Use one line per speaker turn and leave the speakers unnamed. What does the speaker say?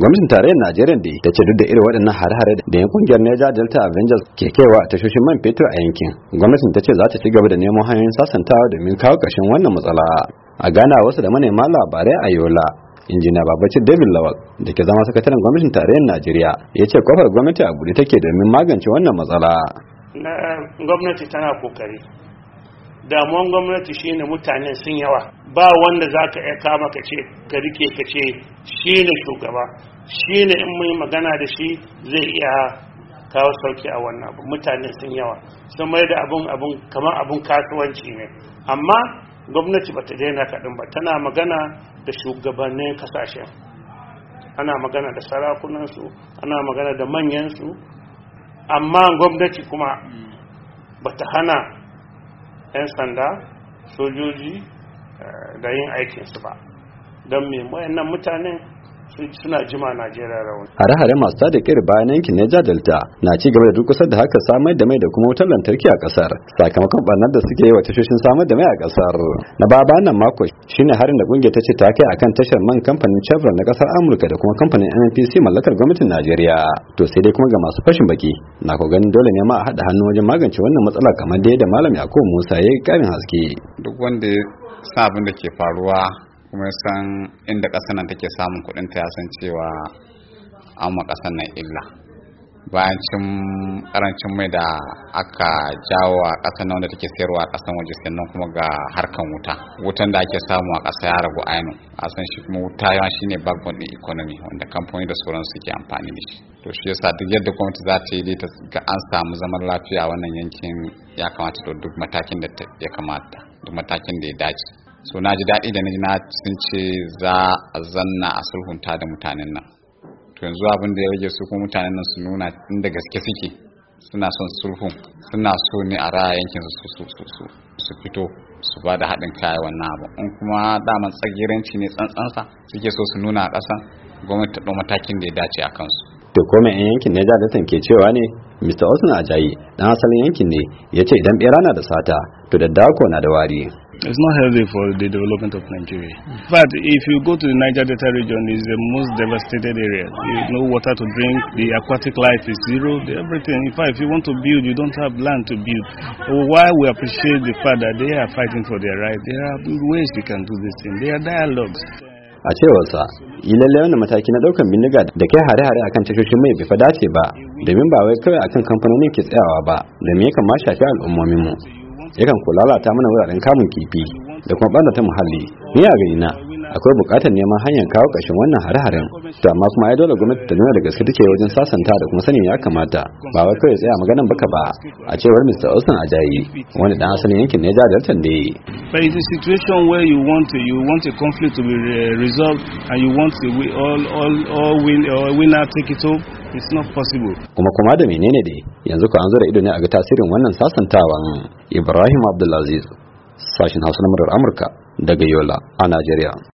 gwamnatin tarayyar najeriya da ta ce duk da irin waɗannan hare-hare da yan kungiyar neja delta avengers ke kaiwa a tashoshin man fetur a yankin gwamnatin ta ce za ta ci gaba da neman hanyoyin sasantawa domin kawo ƙarshen wannan matsala a gana wasu da manema labarai a yola injina Babacin david lawal da ke zama sakataren gwamnatin tarayyar najeriya ya ce kofar gwamnati a buɗe take domin magance wannan matsala
gwamnati tana kokari damuwan gwamnati shine mutanen sun yawa ba wanda za ka iya kama ka ce ka rike ka ce shi ne shugaba shi ne in mai magana da shi zai iya kawo sauki a wannan abu mutane sun yawa sun mai da abun abun kamar abun kasuwanci ne amma gwamnati ba ta daina kaɗin ba tana magana da shugabannin kasashen ana magana da sarakunansu ana magana da manyansu amma gwamnati kuma ba ta hana 'yan sanda sojoji Eh, da yin aikinsu ba don mai wayannan mutanen suna jima Najeriya
Hare-hare masu tada kiri bayan yankin Niger Delta na ci gaba da durkusar da haka samar da mai da kuma wutar lantarki a kasar sakamakon barnar da suke yi wa tashoshin samar da mai a kasar. Na baba nan mako ne harin da kungiyar ta ce ta kai akan tashar man kamfanin Chevron na kasar Amurka da kuma kamfanin NNPC mallakar gwamnatin Najeriya. To sai dai kuma ga masu fashin baki na ko ganin dole ne ma a haɗa hannu wajen magance wannan matsala kamar da yadda Malam Yakubu Musa ya yi ƙarin haske.
Duk wanda ya sa abin da ke faruwa kuma san inda ƙasar nan take samun kuɗin ta ya san cewa an ma ƙasar nan illa bayan cin ƙarancin mai da aka jawo a ƙasar nan wanda take sayarwa a ƙasar waje sannan kuma ga harkan wuta wutan da ake samu a ƙasa ya ragu ainu a san shi kuma wuta yawan shi ne backbone ɗin economy wanda kamfani da sauran suke amfani da shi to shi yasa duk yadda gwamnati za ta yi dai ta ga an samu zaman lafiya a wannan yankin ya kamata duk matakin da ya kamata duk matakin da ya dace so na ji daɗi da na sun ce za a zanna a sulhunta da mutanen nan to yanzu abin da ya rage su kuma mutanen nan su nuna inda gaske suke suna son sulhun suna so ne a raya yankin su su fito su ba da haɗin kaya wannan abu in kuma daman tsagiranci ne tsantsansa suke so su nuna a ƙasa gwamnati ta matakin da ya dace a kansu
to kome yan yankin ne da ke cewa ne Mr. Osman Ajayi dan asalin yankin ne ya ce idan ɓera na da sata to da dako na da wari
It's not healthy for the development of Nigeria. Mm. But if you go to the Niger Delta region, it's the most devastated area. You no water to drink, the aquatic life is zero, everything. In fact, if you want to build, you don't have land to build. So why we appreciate the fact that they are fighting for their right, there are ways we can do this thing. There are dialogues.
a cewarsa yi lallai wannan mataki na daukan bindiga da kai hare-hare akan tashoshin mai bai dace ba domin ba wai kawai akan kamfanonin ke tsayawa ba da me ya kama shafi al'ummomin mu yakan kulala lalata mana wuraren kamun kifi da kuma ta muhalli ni a gani na akwai bukatar neman hanyar kawo kashin wannan hare-haren to amma kuma ai dole gwamnati ta nuna da gaske take wajen sasanta da kuma sanin ya kamata ba wai kawai tsaya maganan baka ba a cewar Mr. Austin Ajayi wani dan asalin yankin ne ja Delta ne
but it's a situation where you want to, you want a conflict to be resolved and you want to all all all win or uh, winner take it home it's not possible
kuma kuma da menene dai yanzu ka an zura ido ne a ga tasirin wannan sasantawan Ibrahim Abdulaziz sashin Hausa na Amurka daga Yola a Najeriya